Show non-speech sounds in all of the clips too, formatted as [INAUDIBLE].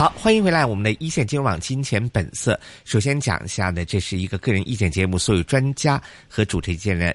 好，歡迎回來！我們的一線金融網《金錢本色》，首先講一下呢，這是一個個人意見節目，所有專家和主持人。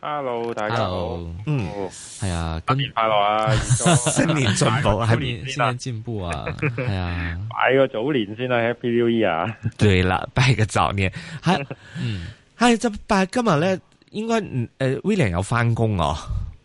hello，大家好，好嗯，係、哎、啊，新年快樂啊，新年進步，係咪新年進步啊？係 [LAUGHS] 啊、哎，拜個早年先啦、啊，Happy New Year！ [LAUGHS] 對啦，拜個早年，係、啊，係 [LAUGHS] 就、哎、拜今日咧，應該誒，William、呃、有翻工哦，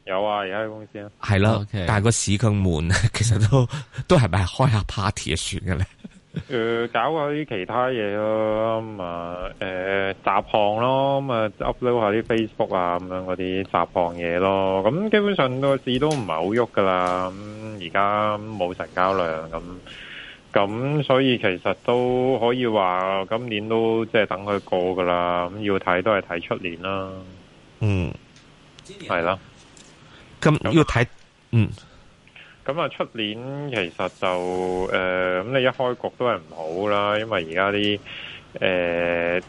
有啊，而家喺公司啊，係 [LAUGHS] 咯，okay. 但係個市咁悶其實都都係咪開下 party 算嘅咧？ [LAUGHS] 誒、 [LAUGHS] 呃，搞下啲其他嘢、嗯呃、咯，咁、嗯、啊，誒，雜項咯，咁啊，upload 下啲 Facebook 啊，咁樣嗰啲雜項嘢咯，咁、嗯、基本上個市都唔係好喐噶啦，咁而家冇成交量，咁、嗯、咁、嗯、所以其實都可以話今年都即係等佢過噶啦，咁要睇都係睇出年啦，嗯，係啦，咁要睇，嗯。咁啊，出年其實就誒，咁、呃、你一開局都係唔好啦，因為而家啲誒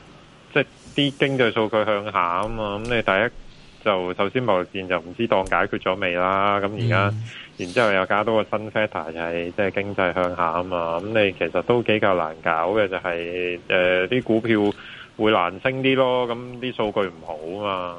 即係啲經濟數據向下啊嘛，咁你第一就首先貿易戰就唔知當解決咗未啦，咁而家，mm. 然之後又加多個新 factor 就係即係經濟向下啊嘛，咁你其實都比較難搞嘅，就係誒啲股票會難升啲咯，咁啲數據唔好啊嘛。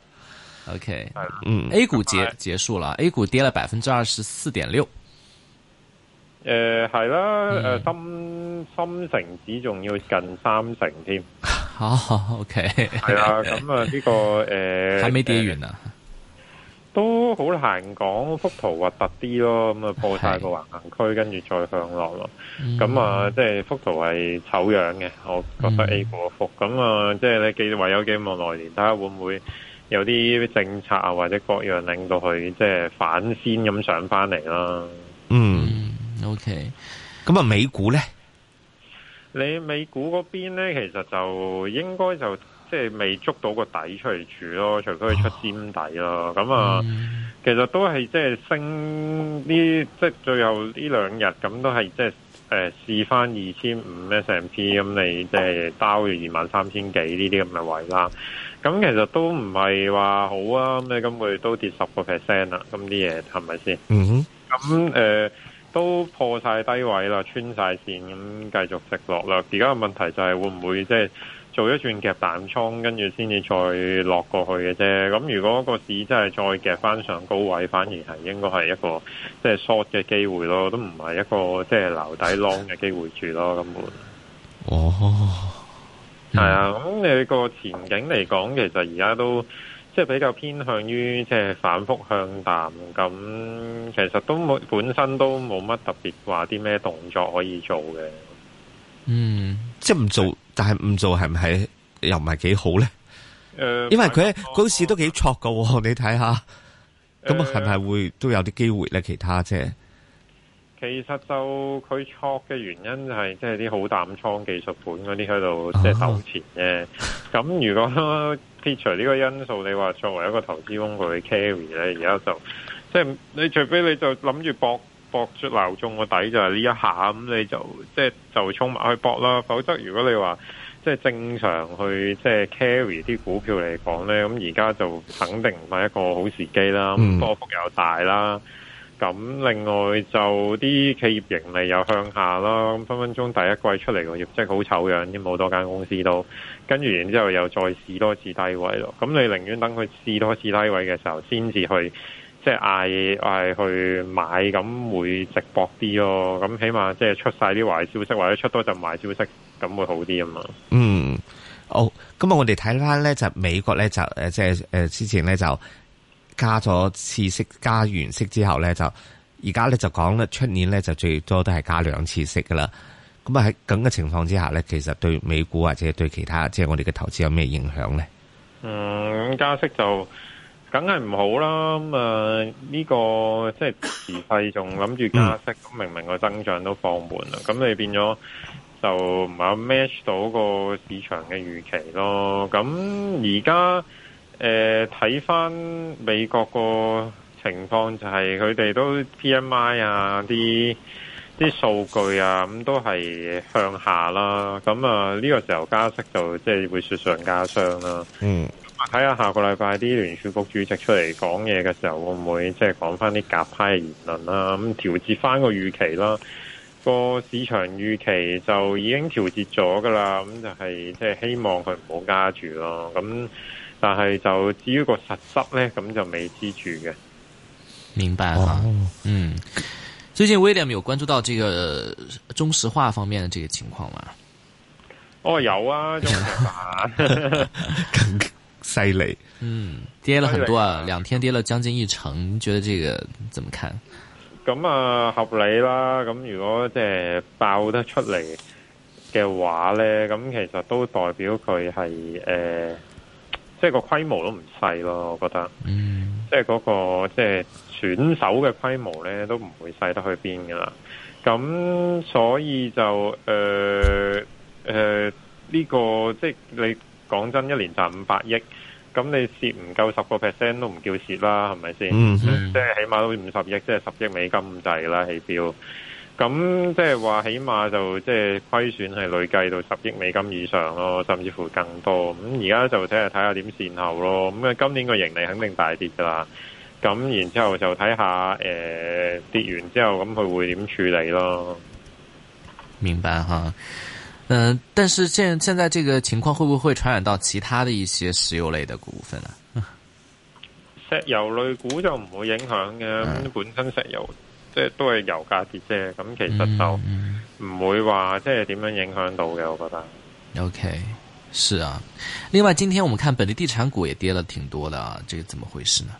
O、okay. K，嗯，A 股結是是結束了，A 股跌了百分之二十四點六。誒，係啦，誒、嗯呃，深深成指仲要近三成添。OK，係啊，咁啊呢個誒、 [LAUGHS] 呃，係未跌完啊、呃，都好難講，幅圖核突啲咯，咁啊破晒個橫行區，跟住再向落咯。咁、嗯、啊，即係幅圖係醜樣嘅，我覺得 A 股嘅幅，咁、嗯、啊，即係你寄唯有寄望來年，睇下會唔會。有啲政策啊，或者各樣領導佢，即係反先咁上翻嚟啦。嗯，OK。咁啊，美股咧，你美股嗰邊咧，其實就應該就即係未捉到個底出嚟住咯，除非佢出尖底咯。咁啊，啊，其實都係即係升呢，即係最後呢兩日咁都係即係誒試翻二千五 S M P，咁你即係 Dow 二萬三千幾呢啲咁嘅位啦。咁其實都唔係話好啊，咩咁佢都跌十個 percent 啦，咁啲嘢係咪先？嗯，咁誒都破晒低位啦，穿晒線咁繼續直落啦。而家嘅問題就係會唔會即係做一轉夾彈倉，跟住先至再落過去嘅啫。咁如果個市真係再夾翻上高位，反而係應該係一個即係 short 嘅機會咯，都唔係一個即係留底 long 嘅機會住咯。根本。Oh. 係、嗯、啊，咁你個前景嚟講，其實而家都即係比較偏向於即係反覆向淡，咁其實都冇本身都冇乜特別話啲咩動作可以做嘅。嗯，即係唔做，是但係唔做係唔係又唔係幾好咧？誒、呃，因為佢嗰時都幾挫噶，你睇下，咁係咪會都有啲機會咧、呃？其他即、就、係、是。其實就佢錯嘅原因係即係啲好淡倉技術盤嗰啲喺度即係糾纏嘅。咁、uh-huh. 如果撇除呢個因素，你話作為一個投資工具去 carry 咧，而家就即、是、係你除非你就諗住搏搏出鬧鐘個底就係呢一下，咁你就即係就衝、是、埋去搏啦。否則如果你話即係正常去即係 carry 啲股票嚟講咧，咁而家就肯定唔係一個好時機啦。Mm. 波幅又大啦。咁另外就啲企業盈利又向下啦，咁分分鐘第一季出嚟，個業績好醜樣，咁好多間公司都跟住然之後又再試多次低位咯。咁你寧願等佢試多次低位嘅時候，先至去即係嗌嗌去買，咁會值搏啲咯。咁起碼即係出曬啲壞消息，或者出多陣壞消息，咁會好啲啊嘛。嗯，好、哦。咁我哋睇翻咧就美國咧就誒即係誒之前咧就。加咗次息，加完息之後呢，就而家呢，就講呢，出年呢，就最多都係加兩次息噶啦。咁啊喺咁嘅情況之下呢，其實對美股或者對其他即係、就是、我哋嘅投資有咩影響呢？嗯，加息就梗係唔好啦。咁啊呢個即係時勢仲諗住加息，咁、嗯、明明個增長都放緩啦，咁你變咗就唔係 match 到個市場嘅預期咯。咁而家。誒、呃，睇翻美國個情況就係佢哋都 PMI 啊，啲啲數據啊，咁都係向下啦。咁啊，呢、這個時候加息就即係、就是、會雪上加霜啦。嗯，睇下下個禮拜啲聯儲局主席出嚟講嘢嘅時候，會唔會即係講翻啲鴿派言論啦？咁調節翻個預期啦，那個市場預期就已經調節咗噶啦。咁就係即係希望佢唔好加住咯。咁但係就至於個實質咧，咁就未知住嘅。明白啊、哦、嗯。最近威廉有關注到這個中石化方面的這個情況嗎？哦，有啊，中石化咁犀利，嗯，跌了很多啊，兩天跌了將近一成，覺得這個怎麼看？咁啊，合理啦。咁如果即係爆得出嚟嘅話咧，咁其實都代表佢係誒。呃即係個規模都唔細咯，我覺得。嗯。即係嗰個即係選手嘅規模咧，都唔會細得去邊㗎啦。咁所以就誒誒呢個即係你講真，一年賺五百億，咁你蝕唔夠十個 percent 都唔叫蝕啦，係咪先？嗯嗯。即係起碼都五十億，即係十億美金咁滯啦，起表。咁即係話，就是，起碼就即係虧損係累計到十億美金以上咯，甚至乎更多。咁而家就睇下睇下點善後咯。咁啊，今年個盈利肯定大跌噶啦。咁然之後就睇下誒跌完之後，咁佢會點處理咯。明白哈。嗯、呃，但是現現在這個情況，會不會傳染到其他的一些石油類的股份啊？石油類股就唔會影響嘅，嗯，本身石油。即係都係油價跌啫，咁其實就唔會話即係點樣影響到嘅、嗯嗯，我覺得。O、okay, K，是啊。另外，今天我們看本地地產股也跌了挺多的啊，這個怎麼回事呢？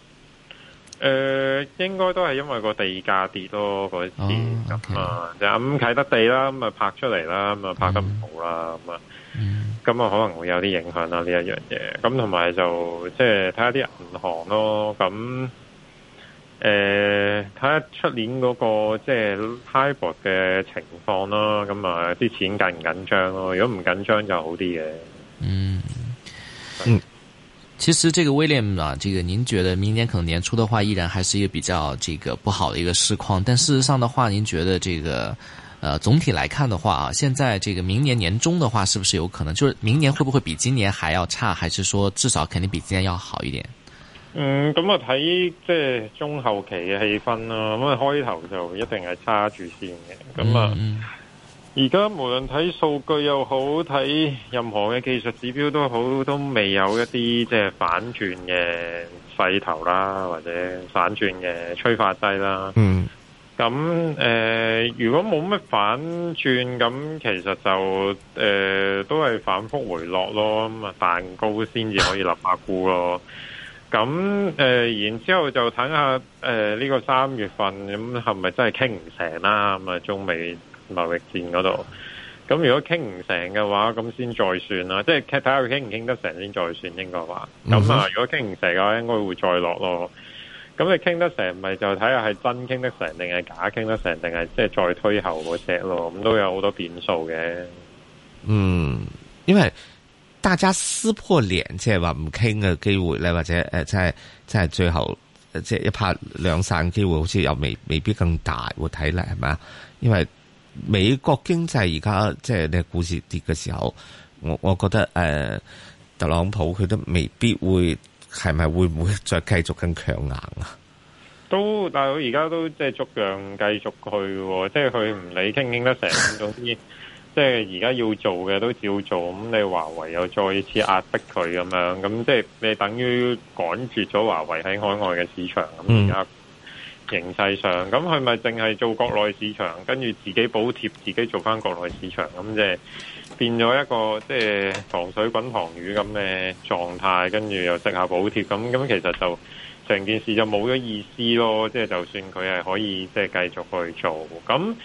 誒、呃，應該都係因為個地價跌多嗰啲咁啊，就咁啟得地啦，咁啊拍出嚟啦，咁啊拍得唔好啦，咁、嗯、啊，咁、嗯、啊可能會有啲影響啦呢一樣嘢。咁同埋就即係睇下啲銀行咯，咁。誒、呃，睇下出年嗰、那個即係泰博嘅情況咯，咁啊啲錢緊唔緊張咯？如果唔緊張就好啲嘅。嗯嗯，其實這個 William 啊，這個您覺得明年可能年初的話依然還是一個比較這個不好的一個市況，但事實上的話，您覺得這個，呃，總體來看的話啊，現在這個明年年中的話，是不是有可能，就是明年會不會比今年還要差，還是說至少肯定比今年要好一點？嗯，咁啊睇即係中後期嘅氣氛囉。咁、嗯、啊開頭就一定係差住先嘅。咁啊，而、嗯、家無論睇數據又好，睇任何嘅技術指標都好，都未有一啲即係反轉嘅勢頭啦，或者反轉嘅催化劑啦。嗯，咁誒、呃，如果冇乜反轉，咁其實就誒、呃、都係反覆回落咯。咁啊，蛋糕先至可以立下菇咯。咁誒、呃，然之後就睇下誒呢個三月份咁係咪真係傾唔成啦？咁啊，中美貿易戰嗰度，咁如果傾唔成嘅話，咁先再算啦。即係睇下佢傾唔傾得成先再算應該話。咁、mm-hmm. 啊、嗯，如果傾唔成嘅話，應該會再落咯。咁你傾得成咪就睇下係真傾得成定係假傾得成，定係即係再推後嗰隻咯。咁都有好多變數嘅。嗯，因為。大家撕破臉，即係話唔傾嘅機會咧，或者誒，即係即係最後即係、呃、一拍兩散機會，好似又未未必更大，會睇嚟係咪啊？因為美國經濟而家即係你股市跌嘅時候，我我覺得誒、呃，特朗普佢都未必會係咪會唔會再繼續更強硬啊？都，但係而家都即係逐樣繼續去，即係佢唔理傾傾得成，總之。即係而家要做嘅都照做，咁你華為又再一次壓迫佢咁樣，咁即係你等於趕絕咗華為喺海外嘅市場，咁而家形勢上，咁佢咪淨係做國內市場，跟住自己補貼自己做翻國內市場，咁即係變咗一個即係糖水滾糖魚咁嘅狀態，跟住又食下補貼，咁咁其實就成件事就冇咗意思咯。即係就算佢係可以即係繼續去做咁。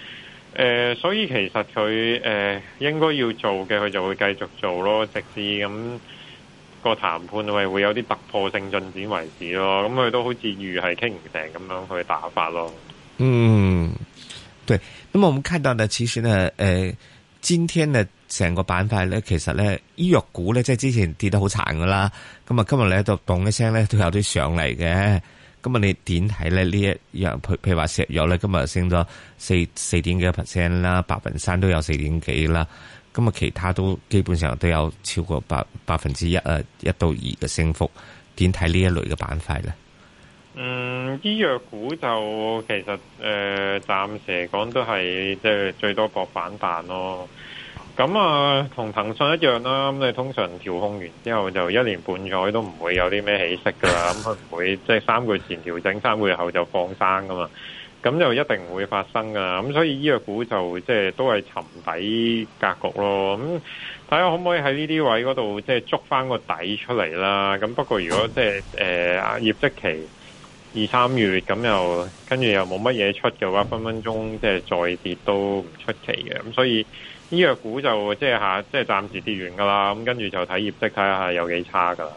誒、呃，所以其實佢誒、呃，應該要做嘅，佢就會繼續做咯，直至咁個談判會會有啲突破性進展為止咯。咁、嗯、佢都好似預係傾唔成咁樣去打法咯。嗯，對。咁我們看到咧，其實咧，誒、呃，今天呢成個板塊呢，其實呢醫藥股呢，即係之前跌得好慘噶啦。咁啊，今日咧就動一聲呢，都有啲上嚟嘅。咁啊，你點睇咧？呢一樣譬譬如話石藥咧，今日升咗四四點幾 percent 啦，白雲山都有四點幾啦。咁啊，其他都基本上都有超過百百分之一啊，一到二嘅升幅。點睇呢一類嘅板塊咧？嗯，醫藥股就其實誒，暫時、呃、嚟講都係即係最多搏反彈咯。咁啊，同騰訊一樣啦。咁你通常調控完之後，就一年半載都唔會有啲咩起色噶啦。咁佢唔會即係三個月前調整，三個月後就放生噶嘛。咁就一定唔會發生噶。咁所以醫藥股就即係都係沉底格局咯。咁睇下可唔可以喺呢啲位嗰度即係捉翻個底出嚟啦。咁不過如果即係誒業績期二三月咁又跟住又冇乜嘢出嘅話，分分鐘即係再跌都唔出奇嘅。咁所以。醫藥股就即係吓，即係暫時跌完噶啦，咁跟住就睇業績，睇下係有幾差噶啦。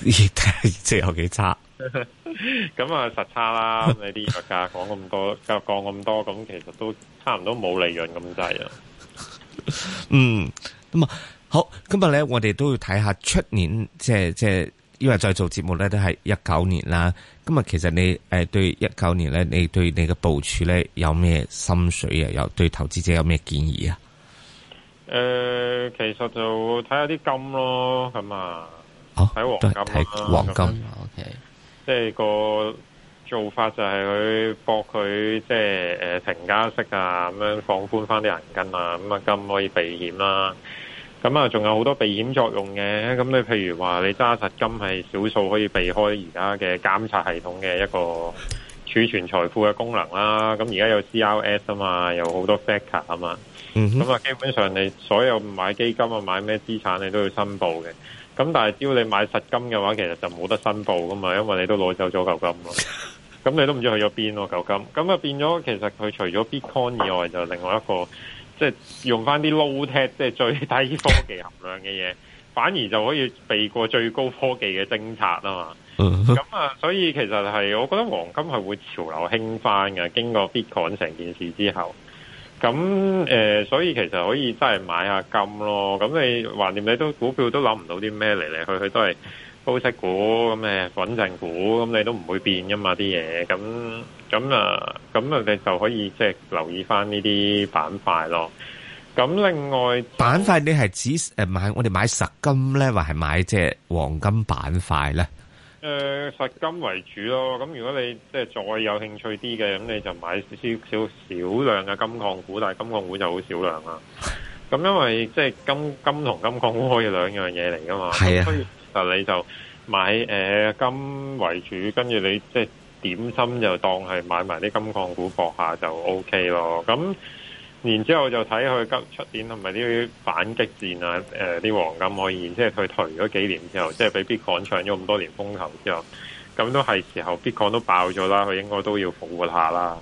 業績即係有幾差，咁啊實差啦。咁呢啲藥價講咁多，價降咁多，咁其實都差唔多冇利潤咁滯啊。嗯，咁啊好，今日咧我哋都要睇下出年，即係即係。因為再做節目咧都係一九年啦，咁啊其實你誒對一九年咧，你對你嘅部署咧有咩心水啊？有對投資者有咩建議啊？誒、呃，其實就睇下啲金咯，咁啊，哦，睇黃金啊，黃金、啊、，OK，即係個做法就係去博佢即係誒、呃、停加息啊，咁樣放寬翻啲銀根啊，咁啊金可以避險啦、啊。咁啊，仲有好多避險作用嘅。咁你譬如話，你揸實金係少數可以避開而家嘅監察系統嘅一個儲存財富嘅功能啦。咁而家有 CRS 啊嘛，有好多 factor 啊嘛。咁、嗯哼、啊，基本上你所有買基金啊，買咩資產你都要申報嘅。咁但係只要你買實金嘅話，其實就冇得申報噶嘛，因為你都攞走咗舊金咯。咁你都唔知去咗邊喎，舊金。咁啊，變咗其實佢除咗 Bitcoin 以外，就另外一個。即係用翻啲 low tech，即係最低科技含量嘅嘢，反而就可以避過最高科技嘅偵察啊嘛。咁 [LAUGHS] 啊，所以其實係，我覺得黃金係會潮流興翻嘅。經過 Bitcoin 成件事之後，咁誒、呃，所以其實可以真係買下金咯。咁你橫掂你都股票都諗唔到啲咩，嚟嚟去去都係高息股咁嘅穩陣股，咁你都唔會變噶嘛啲嘢咁。咁啊，咁啊，你就可以即係留意翻呢啲板塊咯。咁另外，板塊你係指誒買我哋買實金咧，或係買即係黃金板塊咧？誒，實金為主咯。咁如果你即係再有興趣啲嘅，咁你就買少少少量嘅金礦股，但係金礦股就好少量啦。咁因為即係金金同金礦股可以兩樣嘢嚟噶嘛。係啊，所以其實你就買誒金為主，跟住你即係。點心就當係買埋啲金礦股搏下就 O K 咯，咁然之後就睇佢急出點同埋啲反擊戰啊，誒、呃、啲黃金可以，即係佢頹咗幾年之後，即、就、係、是、俾 Bitcoin 搶咗咁多年風頭之後，咁都係時候 Bitcoin 都爆咗啦，佢應該都要復活下啦。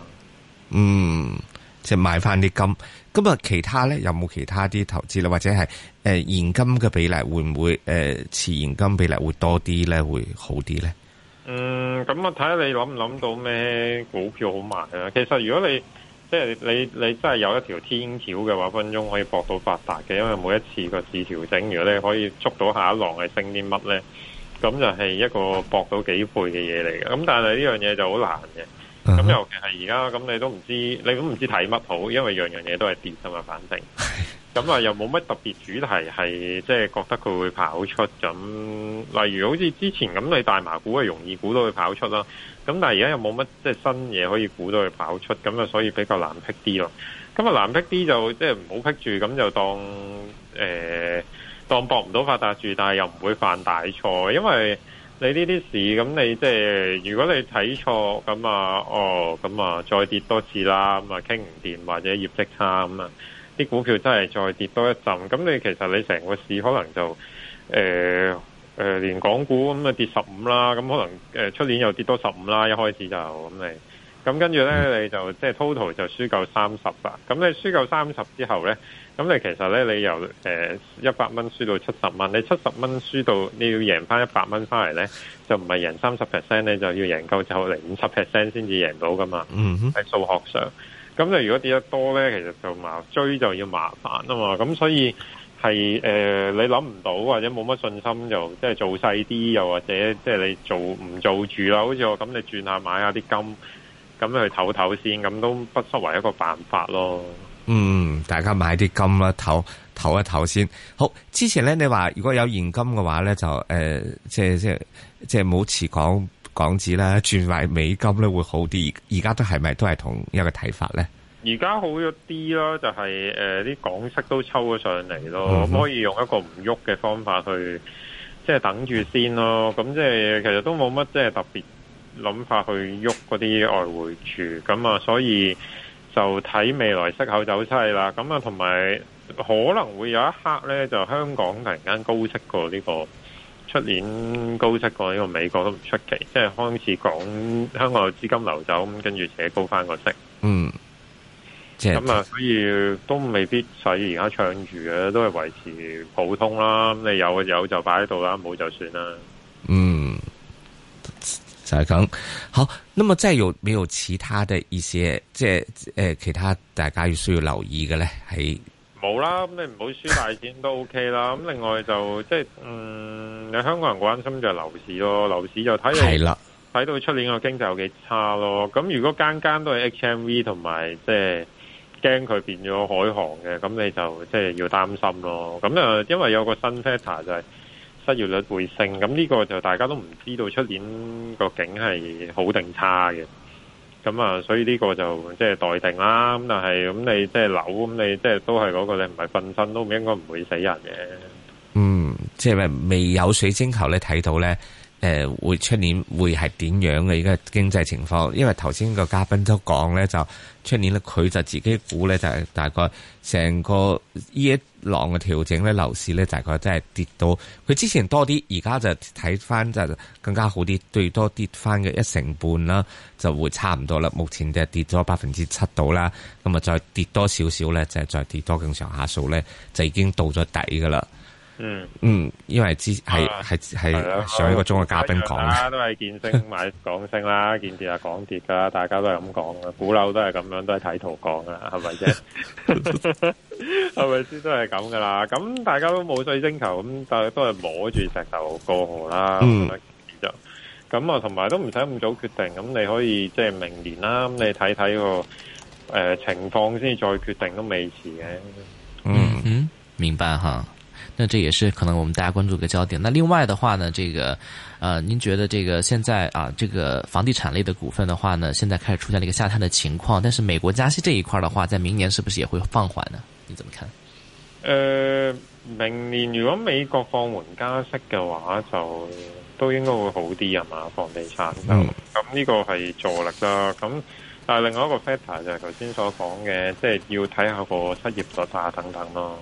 嗯，即、就、係、是、買翻啲金，咁啊其他咧有冇其他啲投資啦或者係誒、呃、現金嘅比例會唔會誒持、呃、現金比例會多啲咧，會好啲咧？嗯，咁我睇下你諗唔諗到咩股票好賣啊？其實如果你即係、就是、你你真係有一條天橋嘅話，分鐘可以博到發達嘅，因為每一次個市調整，如果你可以捉到下一浪係升啲乜咧，咁就係一個博到幾倍嘅嘢嚟嘅。咁但係呢樣嘢就好難嘅。咁、uh-huh. 尤其係而家，咁你都唔知，你都唔知睇乜好，因為樣樣嘢都係跌啊嘛，反正。 [LAUGHS] 咁啊，又冇乜特別主題，係即係覺得佢會跑出咁。例如好似之前咁，你大麻股係容易估到佢跑出啦。咁但係而家又冇乜即係新嘢可以估到佢跑出，咁啊，所以比較難辟啲咯。咁啊，難辟啲就即係唔好辟住，咁就當誒、欸、當搏唔到發達住，但係又唔會犯大錯。因為你呢啲事咁，你即係、就是、如果你睇錯咁啊，哦，咁啊再跌多次啦，咁啊傾唔掂或者業績差咁啊。啲股票真係再跌多一陣，咁你其實你成個市可能就誒誒、呃呃、連港股咁啊跌十五啦，咁可能誒出、呃、年又跌多十五啦，一開始就咁你，咁跟住咧你就即係 total 就輸夠三十啦。咁你輸夠三十之後咧，咁你其實咧你由誒一百蚊輸到七十蚊，你七十蚊輸到你要贏翻一百蚊翻嚟咧，就唔係贏三十 percent，你就要贏夠就嚟五十 percent 先至贏到㗎嘛。嗯哼，喺數學上。咁你如果跌得多咧，其實就麻追就要麻煩啊嘛。咁所以係誒、呃，你諗唔到或者冇乜信心，就即係做細啲，又或者即係你做唔做住啦。好似我咁，你轉下買下啲金，咁去唞唞先，咁都不失為一個辦法咯。嗯，大家買啲金啦，唞唞一唞先。好，之前咧你話如果有現金嘅話咧，就誒，即係即係即係冇遲講。港紙啦，轉為美金咧會好啲，而家都係咪都係同一個睇法咧？而家好咗啲咯，就係誒啲港息都抽咗上嚟咯，可以用一個唔喐嘅方法去，即係等住先咯。咁即係其實都冇乜即係特別諗法去喐嗰啲外匯注咁啊，所以就睇未來息口走勢啦。咁啊，同埋可能會有一刻咧，就香港突然間高息過呢個。出年高息過呢個美國都唔出奇，即係開始講香港有資金流走，咁跟住且高翻個息。嗯，即係咁啊，所以都未必使而家唱住嘅，都係維持普通啦。咁你有有就擺喺度啦，冇就算啦。嗯，就係、是、咁。好，咁那即再有沒有其他嘅一些，即係誒，其他大家要需要留意嘅咧，係？冇啦，咁你唔好輸大錢都 OK 啦。咁另外就即係，嗯，有香港人關心就樓市咯，樓市就睇到睇到出年個經濟有幾差咯。咁如果間間都係 HMV 同埋即係驚佢變咗海航嘅，咁你就即係、就是、要擔心咯。咁啊，因為有個新 factor 就係失業率回升，咁呢個就大家都唔知道出年個景係好定差嘅。咁啊，所以呢個就即係待定啦。咁但係，咁你即係樓，咁你即係都係嗰、嗰個你唔係瞓身，都應該唔會死人嘅。嗯，即係未未有水晶球你睇到咧。誒會出年會係點樣嘅依家經濟情況？因為頭先個嘉賓都講咧，就出年咧佢就自己估咧，就係大概成個呢一浪嘅調整咧，樓市咧大概真係跌到佢之前多啲，而家就睇翻就更加好啲，最多跌翻嘅一成半啦，就會差唔多啦。目前就跌咗百分之七度啦，咁啊再跌多少少咧，就係再跌多咁上下數咧，就已經到咗底噶啦。嗯嗯，因為之係係係上一個鐘嘅嘉賓講，都係見升買港升啦，見跌啊港跌噶，大家都係咁講嘅，股樓都係咁樣，都係睇圖講噶啦，係咪啫？係咪先都係咁噶啦？咁大家都冇水晶球，咁都係摸住石頭過河啦。嗯，就咁啊，同埋都唔使咁早決定，咁你可以即係明年啦，咁你睇睇個誒情況先至再決定都未遲嘅。嗯嗯，嗯，明白哈。那這也是可能我們大家關注個焦點。那另外的話呢，這個，呃，您覺得這個現在啊、呃，這個房地產類的股份的話呢，現在開始出現了一個下探的情況，但是美國加息這一塊的話，在明年是不是也會放緩呢？你怎麼看？呃，明年如果美國放緩加息嘅話，就都應該會好啲啊嘛，房地產就咁呢個係助力啦。咁但係另外一個 factor 就係頭先所講嘅，即係要睇下個失業率啊等等咯。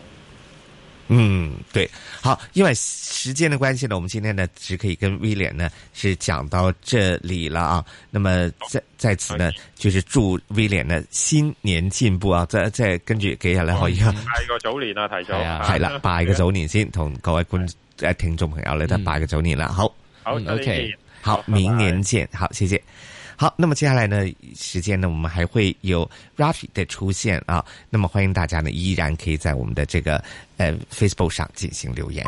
嗯，對，好，因為時間的關係呢，我們今天呢只可以跟威廉呢是講到這裏了啊。那麼在在此呢，就是祝威廉呢新年進步啊！再再根據接下來好一個拜、哦、個早年啊，提早、哎、啊，係啦，拜個早年先，啊一早年先嗯、同各位觀眾誒聽眾朋友咧拜個早年了好，嗯、好，OK，好，okay. 明年見，好，拜拜好謝謝。好，那麼接下來呢，時間呢，我們還會有 Raffy 的出現啊，那麼歡迎大家呢，依然可以在我們的這個呃 Facebook 上進行留言。